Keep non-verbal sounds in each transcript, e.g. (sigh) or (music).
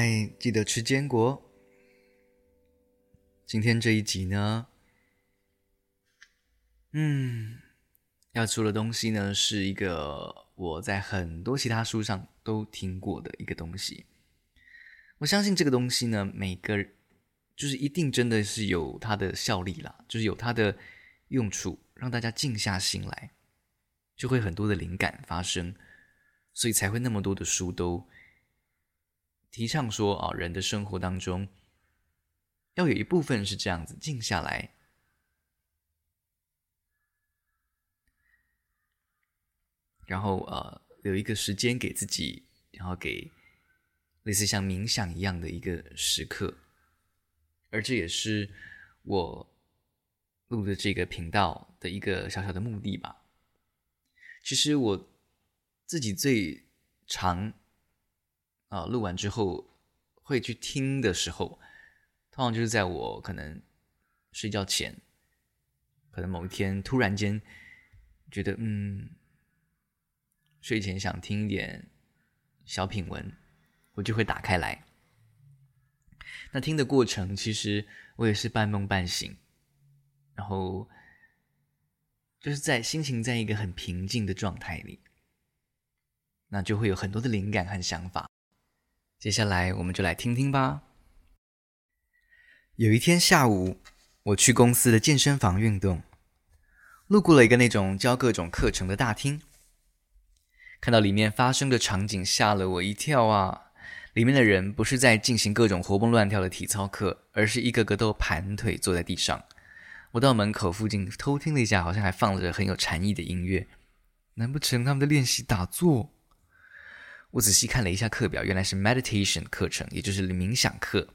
哎，記得吃堅果。今天這一集呢，嗯，要出的東西呢，是一個我在很多其他書上都聽過的一個東西。我相信這個東西呢，每個就是一定真的是有它的效力啦，就是有它的用處，讓大家靜下心來，就會很多的靈感發生，所以才會那麼多的書都。提倡說啊，人的生活當中要有一部分是這樣子靜下來，然後呃，留一個時間給自己，然後給類似像冥想一樣的一個時刻，而這也是我錄的這個頻道的一個小小的目的吧。其實我自己最常。啊，錄完之後會去聽的時候，通常就是在我可能睡覺前，可能某一天突然間覺得嗯，睡前想聽一點小品文，我就會打開來。那聽的過程，其實我也是半夢半醒，然後就是在心情在一個很平靜的狀態裡，那就會有很多的靈感和想法。接下來我們就來聽聽吧。有一天下午，我去公司的健身房運動，路過了一個那種教各種課程的大廳，看到裡面發生的場景，嚇了我一跳啊！裡面的人不是在進行各種活蹦亂跳的體操課，而是一個個都盤腿坐在地上。我到門口附近偷聽了一下，好像還放着很有禪意的音樂。難不成他們的練習打坐？我仔細看了一下課表，原來是 meditation 課程，也就是冥想課。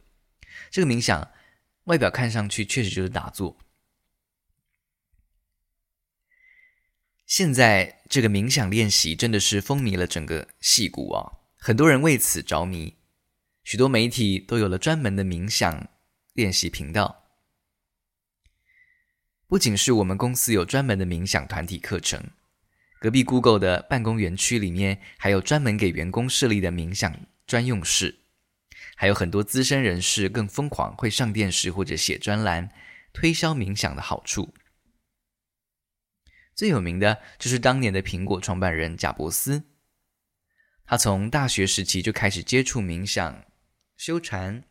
這個冥想外表看上去確實就是打坐。現在這個冥想練習真的是風靡了整個矽谷啊、哦，很多人為此着迷，許多媒體都有了專門的冥想練習頻道。不僅是我們公司有專門的冥想團體課程。隔壁 Google 的辦公園區裡面，還有專門給員工設立的冥想專用室，還有很多資深人士更瘋狂，會上電視或者寫專欄，推銷冥想的好處。最有名的就是當年的蘋果創辦人賈伯斯，他從大學時期就開始接觸冥想、修禪，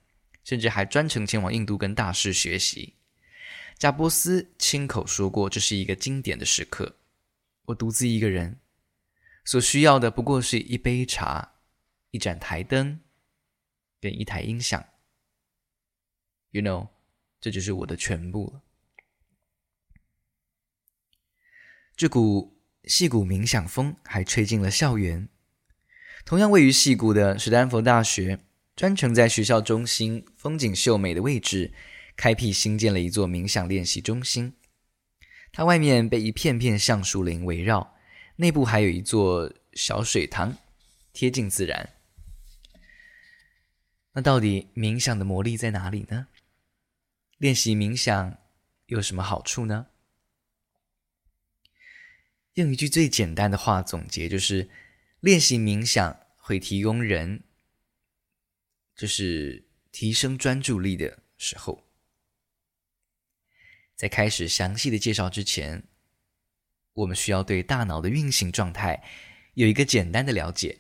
甚至還專程前往印度跟大師學習。賈伯斯親口說過，這是一個經典的時刻。我獨自一個人，所需要的不過是一杯茶、一盞檯燈跟一台音響。You know，這就是我的全部了。這股矽谷冥想風還吹進了校園。同樣位於矽谷的史丹佛大學，專程在學校中心風景秀美的位置，開闢新建了一座冥想練習中心。它外面被一片片橡樹林圍繞，內部還有一座小水塘，貼近自然。那到底冥想的魔力在哪裡呢？練習冥想有什麼好處呢？用一句最簡單的話總結，就是練習冥想會提供人，就是提升專注力的時候。在開始詳細的介紹之前，我們需要對大腦的運行狀態有一個簡單的了解。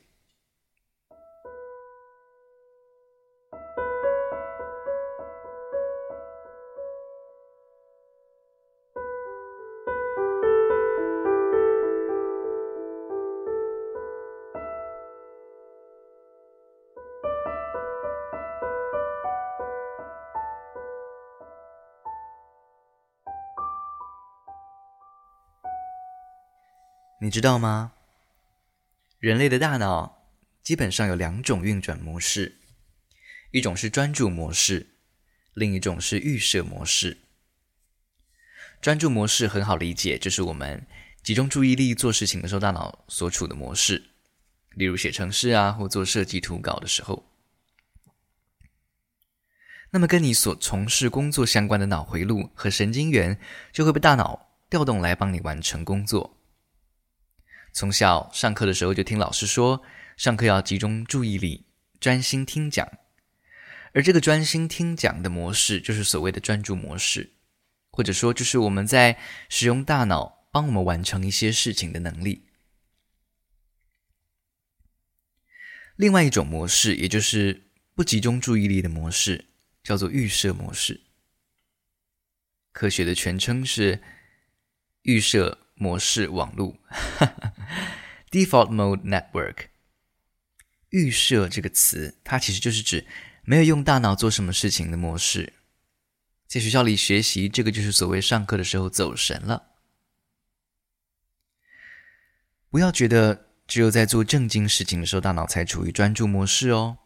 你知道嗎？人類的大腦基本上有兩種運轉模式，一種是專注模式，另一種是預設模式。專注模式很好理解，就是我們集中注意力做事情的時候，大腦所處的模式。例如寫程式啊，或做設計圖稿的時候，那麼跟你所從事工作相關的腦回路和神經元就會被大腦調動來幫你完成工作。從小上課的時候就聽老師說，上課要集中注意力，專心聽講。而這個專心聽講的模式，就是所謂的專注模式，或者說就是我們在使用大腦幫我們完成一些事情的能力。另外一種模式，也就是不集中注意力的模式，叫做預設模式。科學的全稱是預設。模式網絡 (laughs) ，default mode network，預設這個詞，它其實就是指沒有用大腦做什麼事情的模式。在學校裡學習，這個就是所謂上課的時候走神了。不要覺得只有在做正經事情的時候，大腦才處於專注模式哦。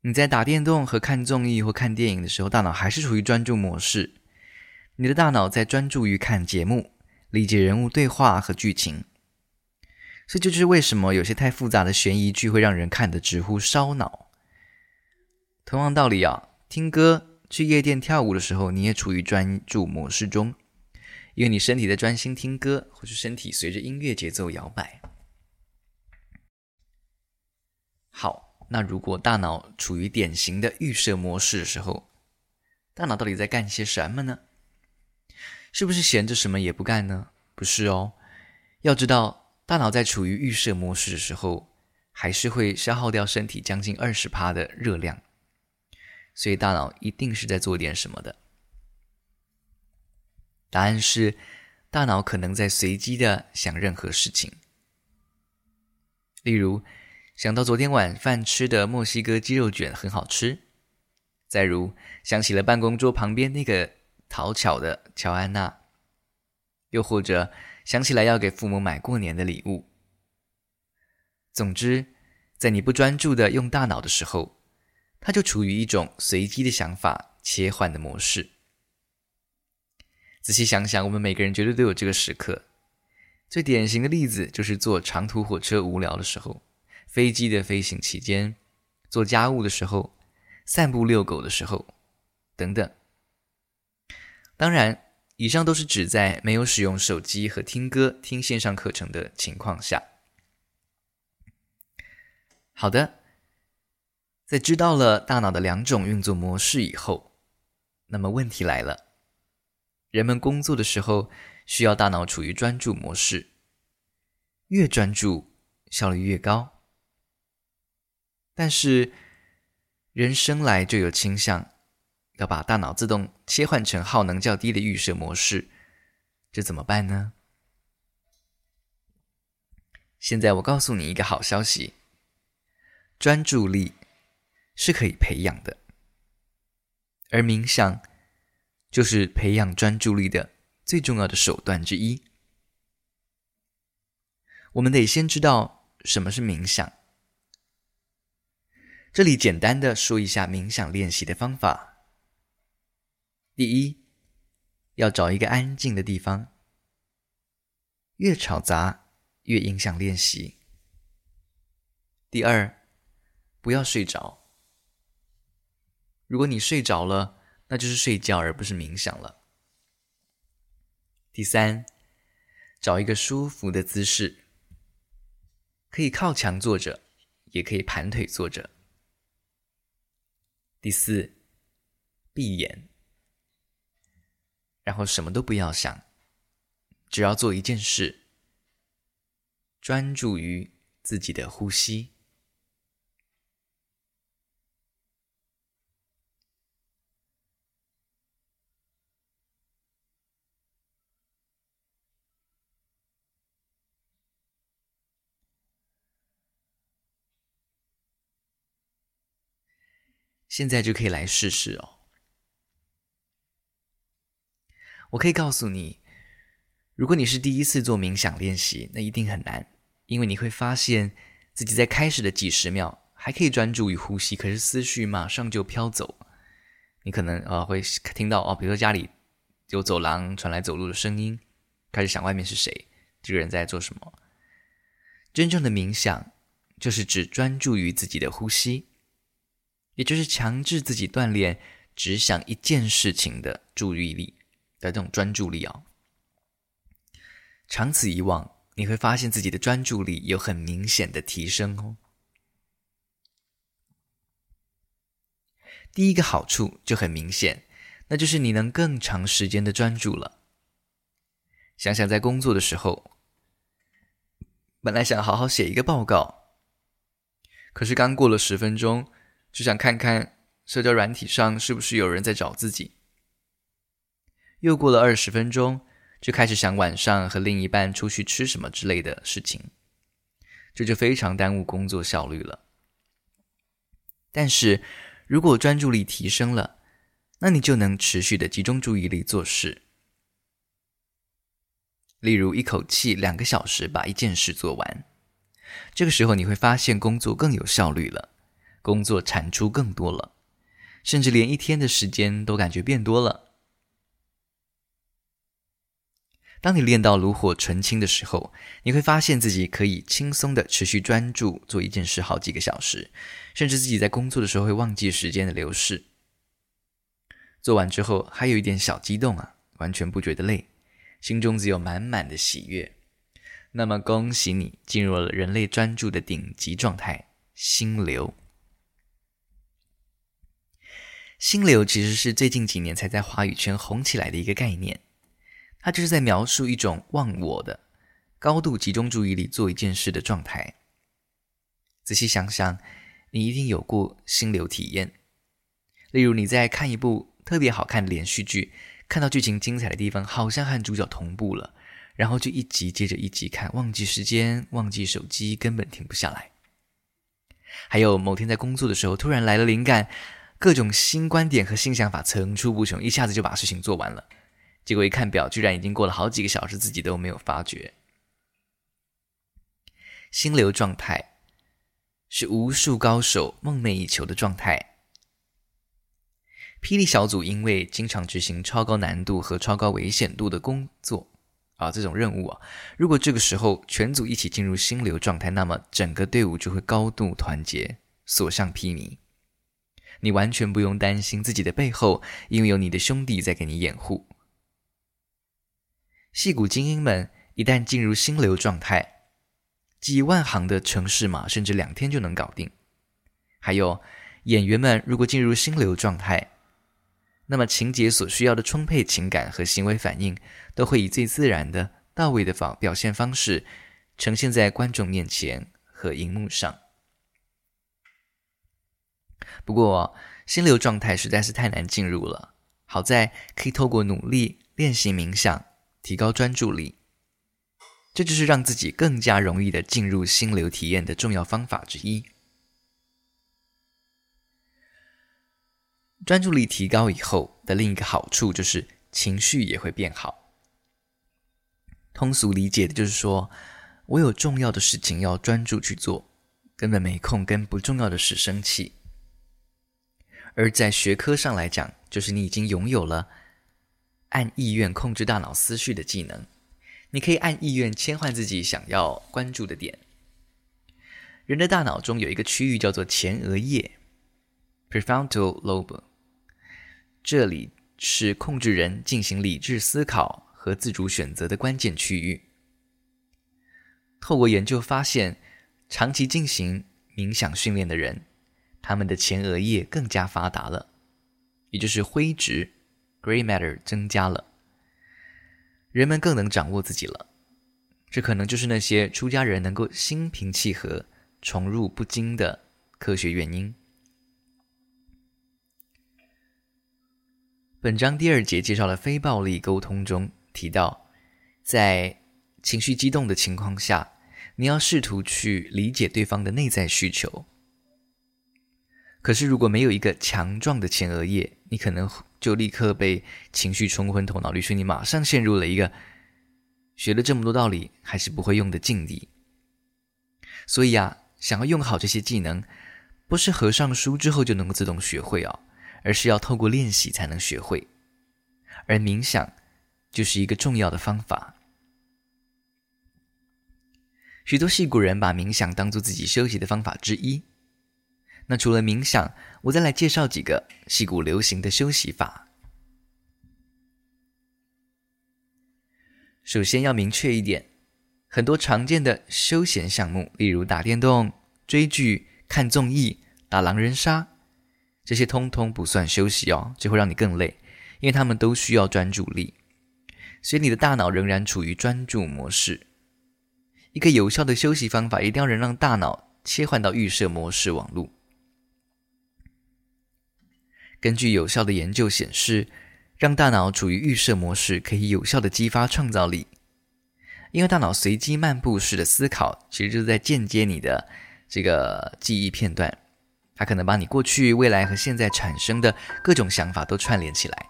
你在打電動和看綜藝或看電影的時候，大腦還是處於專注模式。你的大腦在專注於看節目。理解人物對話和劇情，所以這就是為什麼有些太複雜的懸疑劇會讓人看得直呼燒腦。同樣道理啊，聽歌、去夜店跳舞的時候，你也處於專注模式中，因為你身體在專心聽歌，或是身體隨着音樂節奏搖擺。好，那如果大腦處於典型的預設模式的時候，大腦到底在幹些什麼呢？是不是閒着什麼也不幹呢？不是哦，要知道，大腦在處於預設模式的時候，還是會消耗掉身體將近二十趴的熱量，所以大腦一定是在做點什麼的。答案是，大腦可能在隨機的想任何事情，例如想到昨天晚飯吃的墨西哥雞肉捲很好吃，再如想起了辦公桌旁邊那個。討巧的喬安娜，又或者想起來要給父母買過年的禮物。總之，在你不專注的用大腦的時候，它就處於一種隨機的想法切換的模式。仔細想想，我們每個人絕對都有這個時刻。最典型的例子就是坐長途火車無聊的時候，飛機的飛行期間，做家務的時候，散步遛狗的時候，等等。當然，以上都是指在沒有使用手機和聽歌、聽線上課程的情況下。好的，在知道了大腦的兩種運作模式以後，那麼問題來了，人們工作的時候需要大腦處於專注模式，越專注效率越高。但是，人生來就有傾向。要把大腦自動切換成耗能較低的預設模式，這怎麼辦呢？現在我告訴你一個好消息，專注力是可以培養的，而冥想就是培養專注力的最重要的手段之一。我們得先知道什麼是冥想。這裡簡單的說一下冥想練習的方法。第一，要找一個安靜的地方，越吵雜越影響練習。第二，不要睡着，如果你睡着了，那就是睡覺而不是冥想了。第三，找一個舒服的姿勢，可以靠牆坐着，也可以盤腿坐着。第四，閉眼。然後什麼都不要想，只要做一件事，專注於自己的呼吸。現在就可以來試試哦。我可以告訴你，如果你是第一次做冥想練習，那一定很難，因為你會發現自己在開始的幾十秒還可以專注於呼吸，可是思緒馬上就飄走。你可能啊、哦、會聽到哦，比如說家裡有走廊傳來走路的聲音，開始想外面是誰，這個人在做什麼。真正的冥想就是只專注於自己的呼吸，也就是強制自己鍛鍊只想一件事情的注意力。的這種專注力哦，長此以往，你會發現自己的專注力有很明顯的提升哦。第一個好處就很明顯，那就是你能更長時間的專注了。想想在工作的時候，本來想好好寫一個報告，可是剛過了十分鐘，就想看看社交軟體上是不是有人在找自己。又過了二十分鐘，就開始想晚上和另一半出去吃什麼之類的事情，這就非常耽誤工作效率了。但是，如果專注力提升了，那你就能持續的集中注意力做事。例如，一口氣兩個小時把一件事做完，這個時候你會發現工作更有效率了，工作產出更多了，甚至連一天的時間都感覺變多了。當你練到爐火純青的時候，你會發現自己可以輕鬆的持續專注做一件事好幾個小時，甚至自己在工作的時候會忘記時間的流逝。做完之後還有一點小激動啊，完全不覺得累，心中只有滿滿的喜悅。那麼恭喜你進入了人類專注的頂級狀態——心流。心流其實是最近幾年才在華語圈紅起來的一個概念。他就是在描述一種忘我的、高度集中注意力做一件事的狀態。仔細想想，你一定有過心流體驗，例如你在看一部特別好看的連續劇，看到劇情精彩的地方，好像和主角同步了，然後就一集接着一集看，忘記時間，忘記手機，根本停不下來。還有某天在工作的時候，突然來了靈感，各種新觀點和新想法層出不窮，一下子就把事情做完了。結果一看表，居然已經過了好幾個小時，自己都沒有發覺。心流狀態是無數高手夢寐以求的狀態。霹靂小組因為經常執行超高難度和超高危險度的工作啊，這種任務啊，如果這個時候全組一起進入心流狀態，那麼整個隊伍就會高度團結，所向披靡。你完全不用擔心自己的背後，因為有你的兄弟在給你掩護。矽谷精英們一旦進入心流狀態，幾萬行的程式碼甚至兩天就能搞定。還有演員們，如果進入心流狀態，那麼情節所需要的充沛情感和行為反應，都會以最自然的到位的表表現方式呈現在觀眾面前和熒幕上。不過，心流狀態實在是太難進入了，好在可以透過努力練習冥想。提高專注力，這就是讓自己更加容易地進入心流體驗的重要方法之一。專注力提高以後的另一個好處就是情緒也會變好。通俗理解的就是說，我有重要的事情要專注去做，根本沒空跟不重要的事生氣。而在學科上來講，就是你已經擁有了。按意願控制大腦思緒的技能，你可以按意願切換自己想要關注的點。人的大腦中有一個區域叫做前額葉 （prefrontal lobe），這裡是控制人進行理智思考和自主選擇的關鍵區域。透過研究發現，長期進行冥想訓練的人，他們的前額葉更加發達了，也就是灰質。gray matter 增加了，人們更能掌握自己了。這可能就是那些出家人能夠心平氣和、寵辱不驚的科學原因。本章第二節介紹了非暴力溝通中提到，在情緒激動的情況下，你要試圖去理解對方的內在需求。可是如果沒有一個強壯的前額葉，你可能會，就立刻被情緒沖昏頭腦，於是你馬上陷入了一個學了這麼多道理還是不會用的境地。所以啊，想要用好這些技能，不是合上書之後就能夠自動學會哦，而是要透過練習才能學會。而冥想就是一個重要的方法。許多矽谷人把冥想當做自己休息的方法之一。那除了冥想，我再來介紹幾個矽谷流行的休息法。首先要明確一點，很多常見的休閒項目，例如打電動、追劇、看綜藝、打狼人殺，這些通通不算休息哦，這會讓你更累，因為他們都需要專注力，所以你的大腦仍然處於專注模式。一個有效的休息方法，一定要能讓大腦切換到預設模式網絡。根據有效的研究顯示，讓大腦處於預設模式可以有效地激發創造力。因為大腦隨機漫步式的思考，其實就是在間接你的這個記憶片段，它可能把你過去、未來和現在產生的各種想法都串聯起來。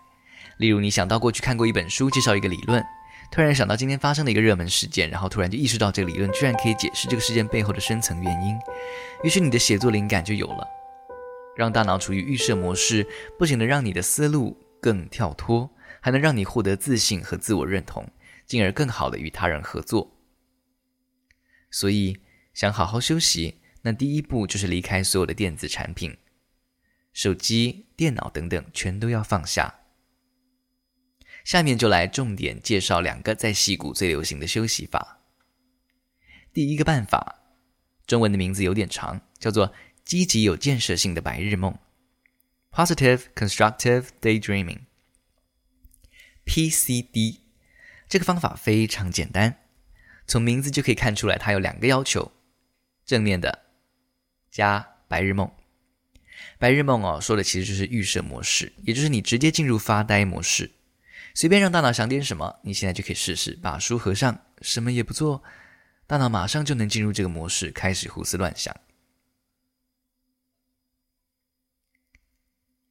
例如，你想到過去看過一本書介紹一個理論，突然想到今天發生的一個熱門事件，然後突然就意識到這個理論居然可以解釋這個事件背後的深層原因，於是你的寫作靈感就有了。讓大腦處於預設模式，不僅能讓你的思路更跳脫，還能讓你獲得自信和自我認同，進而更好地與他人合作。所以，想好好休息，那第一步就是離開所有的電子產品，手機、電腦等等全都要放下。下面就來重點介紹兩個在矽谷最流行的休息法。第一個辦法，中文的名字有點長，叫做，積極有建設性的白日夢，positive constructive daydreaming（PCD），這個方法非常簡單，從名字就可以看出來，它有兩個要求：正面的加白日夢。白日夢哦，說的其實就是預設模式，也就是你直接進入發呆模式，隨便讓大腦想點什麼。你現在就可以試試，把書合上，什麼也不做，大腦馬上就能進入這個模式，開始胡思亂想。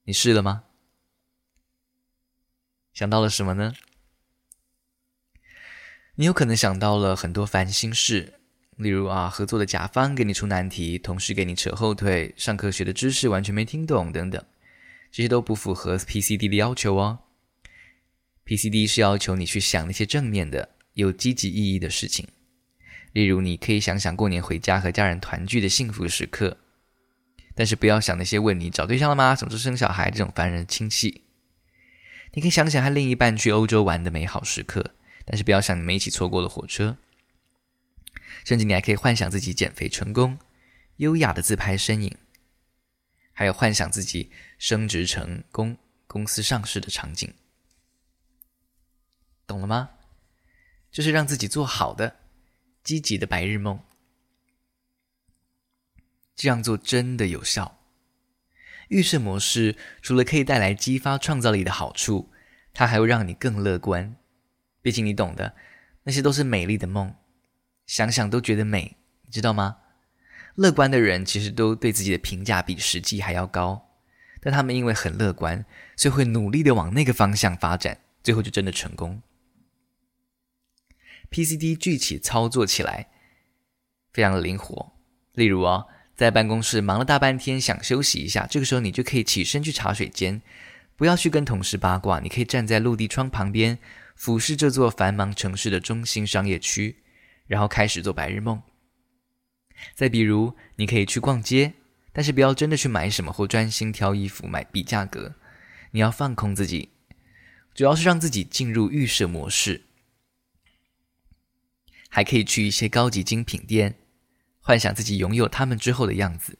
你試了嗎？想到了什麼呢？你有可能想到了很多煩心事，例如啊，合作的甲方給你出難題，同事給你扯後腿，上課學的知識完全沒聽懂等等，這些都不符合 PCD 的要求哦。PCD 是要求你去想那些正面的、有積極意義的事情，例如你可以想想過年回家和家人團聚的幸福時刻。但是不要想那些問你找對象了嗎、總是生小孩這種煩人的親戚。你可以想想和另一半去歐洲玩的美好時刻，但是不要想你們一起錯過了火車。甚至你還可以幻想自己減肥成功、優雅的自拍身影，還有幻想自己升職成功、公司上市的場景。懂了嗎？就是讓自己做好的、積極的白日夢。這樣做真的有效。預設模式除了可以帶來激發創造力的好處，它還會讓你更樂觀。畢竟你懂的，那些都是美麗的夢，想想都覺得美，你知道嗎？樂觀的人其實都對自己的評價比實際還要高，但他們因為很樂觀，所以會努力地往那個方向發展，最後就真的成功。PCD 具體操作起來非常的靈活，例如哦。在辦公室忙了大半天，想休息一下，這個時候你就可以起身去茶水間，不要去跟同事八卦，你可以站在落地窗旁邊，俯視這座繁忙城市的中心商業區，然後開始做白日夢。再比如，你可以去逛街，但是不要真的去買什麼，或專心挑衣服、買比價格，你要放空自己，主要是讓自己進入預設模式。還可以去一些高級精品店。幻想自己擁有他們之後的樣子。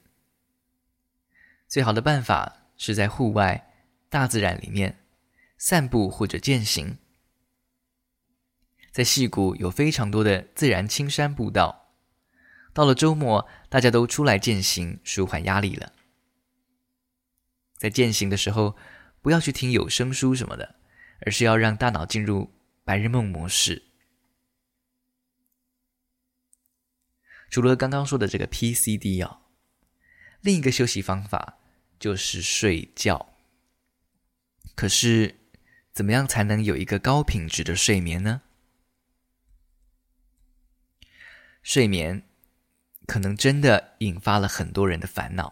最好的辦法是在戶外、大自然裡面散步或者健行。在矽谷有非常多的自然青山步道，到了周末大家都出來健行，舒緩壓力了。在健行的時候，不要去聽有聲書什麼的，而是要讓大腦進入白日夢模式。除了剛剛說的這個 PCD 啊、哦，另一個休息方法就是睡覺。可是，怎麼樣才能有一個高品質的睡眠呢？睡眠可能真的引發了很多人的煩惱，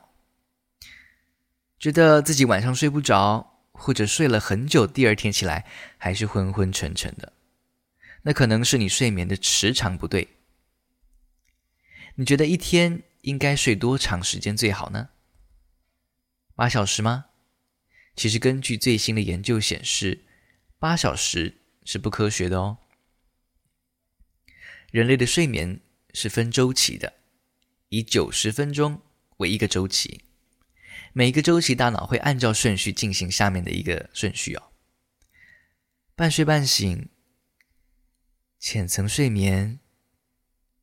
覺得自己晚上睡不着，或者睡了很久，第二天起來還是昏昏沉沉的。那可能是你睡眠的時長不對。你覺得一天應該睡多長時間最好呢？八小時嗎？其實根據最新的研究顯示，八小時是不科學的哦。人類的睡眠是分周期的，以九十分鐘為一個周期。每一個周期大腦會按照順序進行下面的一個順序哦：半睡半醒、淺層睡眠。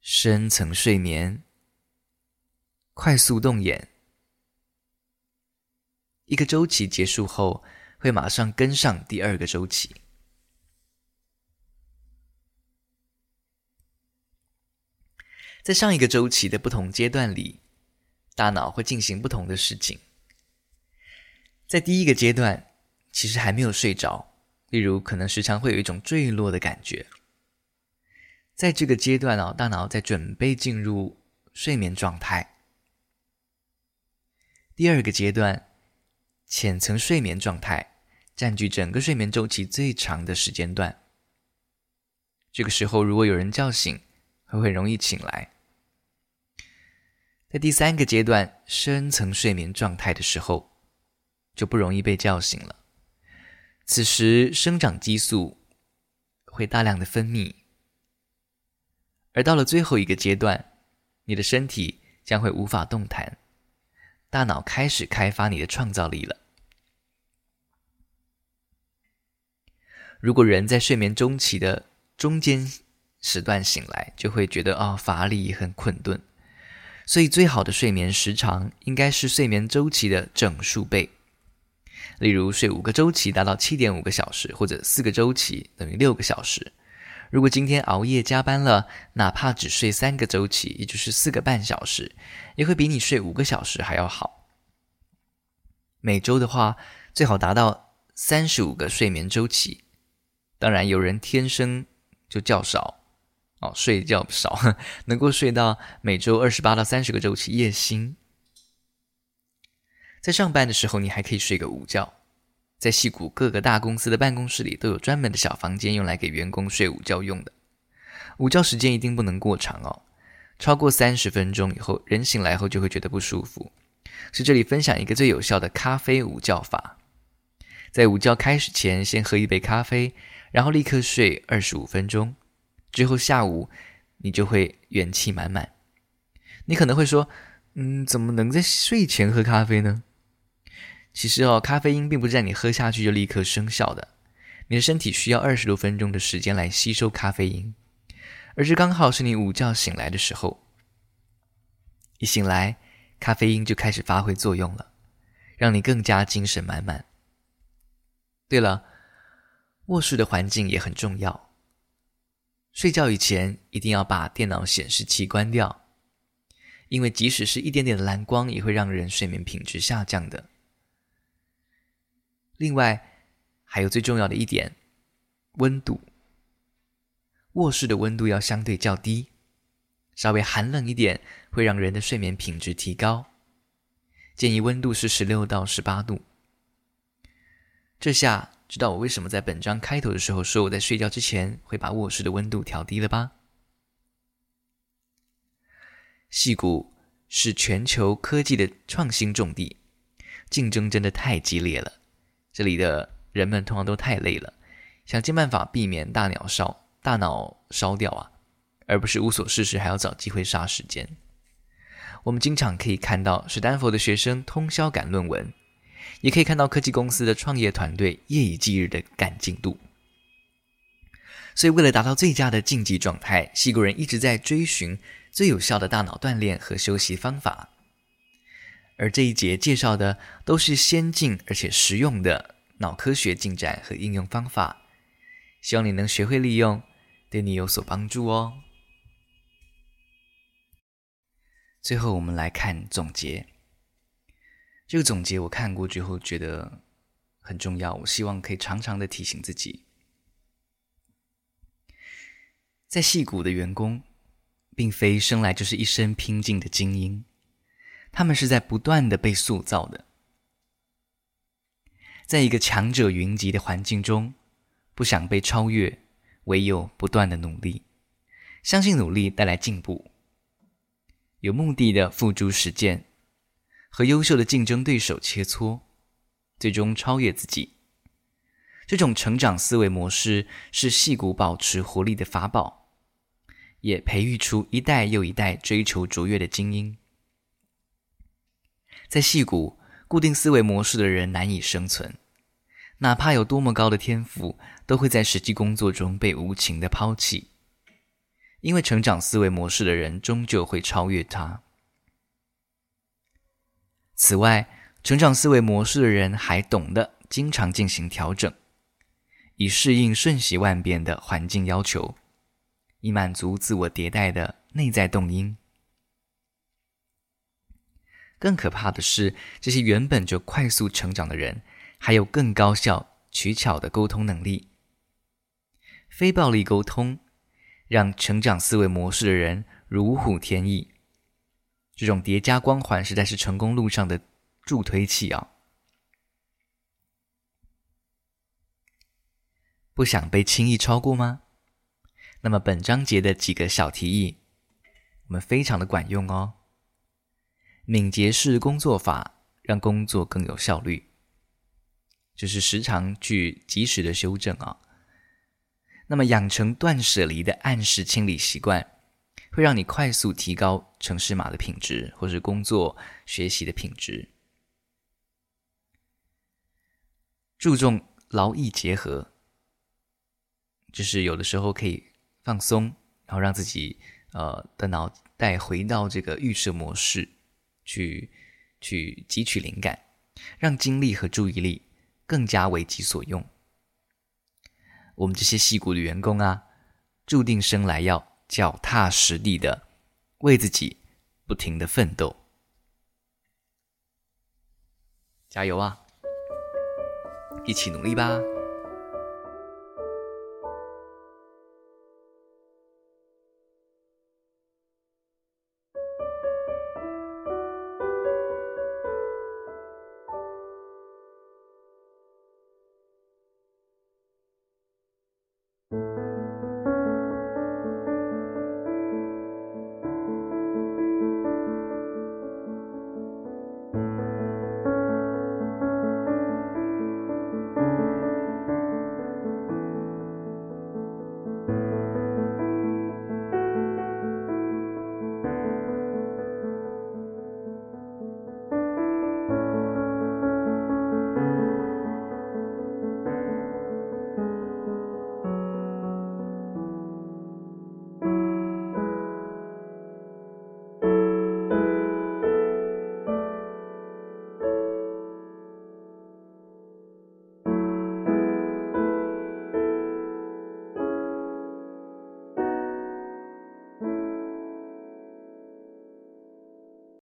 深層睡眠，快速動眼，一個周期結束後，會馬上跟上第二個周期。在上一個周期的不同階段裡，大腦會進行不同的事情。在第一個階段，其實還沒有睡着，例如可能時常會有一種墜落的感覺。在這個階段啊，大腦在準備進入睡眠狀態。第二個階段，淺層睡眠狀態佔據整個睡眠週期最長的時間段。這個時候，如果有人叫醒，很容易醒來。在第三個階段，深層睡眠狀態的時候，就不容易被叫醒了。此時，生長激素會大量的分泌。而到了最後一個階段，你的身體將會無法動彈，大腦開始開發你的創造力了。如果人在睡眠中期的中間時段醒來，就會覺得啊、哦、乏力、很困頓。所以，最好的睡眠時長應該是睡眠週期的整數倍，例如睡五個週期達到七點五個小時，或者四個週期等於六個小時。如果今天熬夜加班了，哪怕只睡三個周期，也就是四個半小時，也會比你睡五個小時還要好。每周的話，最好達到三十五個睡眠周期。當然，有人天生就覺少，哦，睡覺少，能夠睡到每周二十八到三十個周期，夜薪。在上班的時候，你還可以睡個午覺。在矽谷各個大公司的辦公室裡，都有專門的小房間用來給員工睡午覺用的。午覺時間一定不能過長哦，超過三十分鐘以後，人醒來後就會覺得不舒服。所以這裡分享一個最有效的咖啡午覺法：在午覺開始前，先喝一杯咖啡，然後立刻睡二十五分鐘，之後下午你就會元氣滿滿。你可能會說：“嗯，怎麼能在睡前喝咖啡呢？”其實哦，咖啡因並不是在你喝下去就立刻生效的，你的身體需要二十多分鐘的時間來吸收咖啡因，而這剛好是你午覺醒來的時候，一醒來，咖啡因就開始發揮作用了，讓你更加精神滿滿。對了，臥室的環境也很重要，睡覺以前一定要把電腦顯示器關掉，因為即使是一點點的藍光，也會讓人睡眠品質下降的。另外，還有最重要的一點，溫度。臥室的溫度要相對較低，稍微寒冷一點，會讓人的睡眠品質提高。建議溫度是十六到十八度。這下知道我為什麼在本章開頭的時候說我在睡覺之前會把臥室的溫度調低了吧？矽谷是全球科技的創新重地，競爭真的太激烈了。這裡的人們通常都太累了，想盡辦法避免大腦燒、大腦燒掉啊，而不是無所事事，還要找機會殺時間。我們經常可以看到史丹佛的學生通宵趕論文，也可以看到科技公司的創業團隊夜以繼日的趕進度。所以，為了達到最佳的競技狀態，矽谷人一直在追尋最有效的大腦鍛鍊和休息方法。而這一節介紹的都是先進而且實用的腦科學進展和應用方法，希望你能學會利用，對你有所幫助哦。最後，我們來看總結。這個總結我看過之後覺得很重要，我希望可以常常的提醒自己，在矽谷的員工，並非生來就是一身拼勁的精英。他們是在不斷的被塑造的，在一個強者雲集的環境中，不想被超越，唯有不斷的努力，相信努力帶來進步，有目的的付諸實踐，和優秀的競爭對手切磋，最終超越自己。這種成長思維模式是矽谷保持活力的法寶，也培育出一代又一代追求卓越的精英。在矽谷，固定思維模式的人難以生存，哪怕有多麼高的天賦，都會在實際工作中被無情的拋棄，因為成長思維模式的人終究會超越他。此外，成長思維模式的人還懂得經常進行調整，以適應瞬息萬變的環境要求，以滿足自我迭代的內在動因。更可怕的是，這些原本就快速成長的人，還有更高效取巧的溝通能力。非暴力溝通讓成長思維模式的人如虎添翼，這種疊加光環實在是成功路上的助推器啊、哦！不想被輕易超過嗎？那麼本章節的幾個小提議，我們非常的管用哦。敏捷式工作法讓工作更有效率，就是時常去及時的修正啊、哦。那麼，養成斷舍離的按時清理習慣，會讓你快速提高程式碼的品質，或是工作學習的品質。注重勞逸結合，就是有的時候可以放鬆，然後讓自己呃的腦袋回到這個預設模式。去，去汲取靈感，讓精力和注意力更加為己所用。我們這些矽谷的員工啊，注定生來要腳踏實地的，為自己不停的奮鬥。加油啊！一起努力吧！